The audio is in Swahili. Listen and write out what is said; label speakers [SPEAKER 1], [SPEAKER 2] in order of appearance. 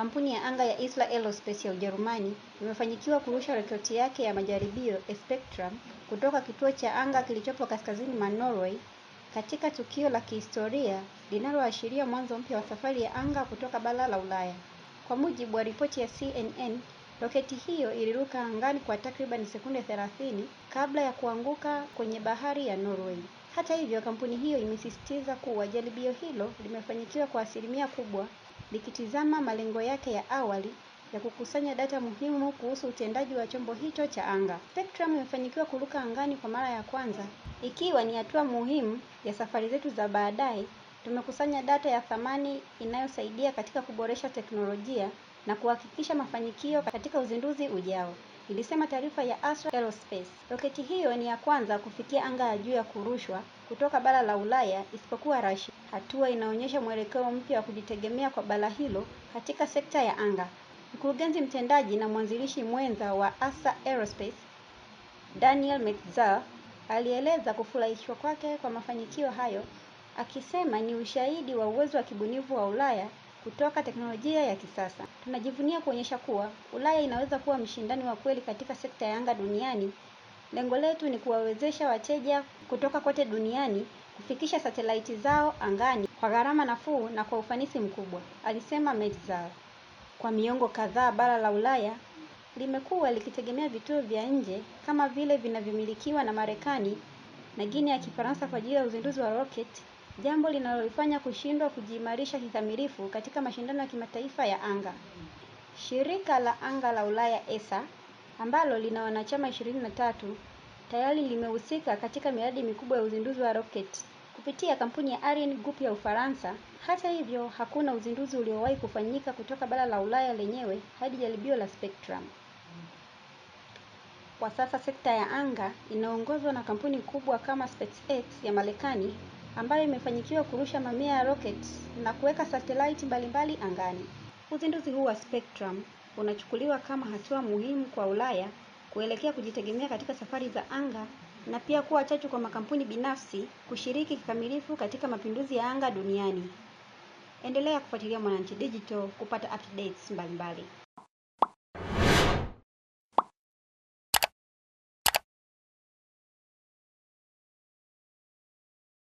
[SPEAKER 1] Kampuni ya anga ya Isla Aerospace ya Ujerumani imefanikiwa kurusha roketi yake ya majaribio Spectrum kutoka kituo cha anga kilichopo kaskazini mwa Norway katika tukio la kihistoria linaloashiria mwanzo mpya wa safari ya anga kutoka bara la Ulaya. Kwa mujibu wa ripoti ya CNN, roketi hiyo iliruka angani kwa takriban sekunde 30 kabla ya kuanguka kwenye bahari ya Norway. Hata hivyo, kampuni hiyo imesisitiza kuwa jaribio hilo limefanikiwa kwa asilimia kubwa likitizama malengo yake ya awali ya kukusanya data muhimu kuhusu utendaji wa chombo hicho cha anga. Spectrum imefanikiwa kuruka angani kwa mara ya kwanza, ikiwa ni hatua muhimu ya safari zetu za baadaye. Tumekusanya data ya thamani inayosaidia katika kuboresha teknolojia na kuhakikisha mafanikio katika uzinduzi ujao, ilisema taarifa ya Astra Aerospace. Roketi hiyo ni ya kwanza kufikia anga ya juu ya kurushwa kutoka bara la Ulaya isipokuwa Russia. Hatua inaonyesha mwelekeo mpya wa kujitegemea kwa bara hilo katika sekta ya anga. Mkurugenzi mtendaji na mwanzilishi mwenza wa Asa Aerospace, Daniel Metzger, alieleza kufurahishwa kwake kwa mafanikio hayo, akisema ni ushahidi wa uwezo wa kibunifu wa Ulaya kutoka teknolojia ya kisasa. Tunajivunia kuonyesha kuwa Ulaya inaweza kuwa mshindani wa kweli katika sekta ya anga duniani. Lengo letu ni kuwawezesha wateja kutoka kote duniani kufikisha satelaiti zao angani kwa gharama nafuu na kwa ufanisi mkubwa, alisema Metzaler. Kwa miongo kadhaa bara la Ulaya limekuwa likitegemea vituo vya nje kama vile vinavyomilikiwa na Marekani na Guinea ya Kifaransa kwa ajili ya uzinduzi wa rocket, jambo linalolifanya kushindwa kujiimarisha kikamilifu katika mashindano ya kimataifa ya anga. Shirika la anga la Ulaya ESA ambalo lina wanachama ishirini na tatu tayari limehusika katika miradi mikubwa ya uzinduzi wa roketi kupitia kampuni ya Ariane Group ya Ufaransa. Hata hivyo, hakuna uzinduzi uliowahi kufanyika kutoka bara la Ulaya lenyewe hadi jaribio la Spectrum. Kwa sasa sekta ya anga inaongozwa na kampuni kubwa kama SpaceX ya Marekani ambayo imefanikiwa kurusha mamia ya rocket na kuweka satelaiti mbalimbali angani. Uzinduzi huu wa Spectrum unachukuliwa kama hatua muhimu kwa Ulaya kuelekea kujitegemea katika safari za anga na pia kuwa chachu kwa makampuni binafsi kushiriki kikamilifu katika mapinduzi ya anga duniani. Endelea kufuatilia Mwananchi Digital kupata updates mbalimbali.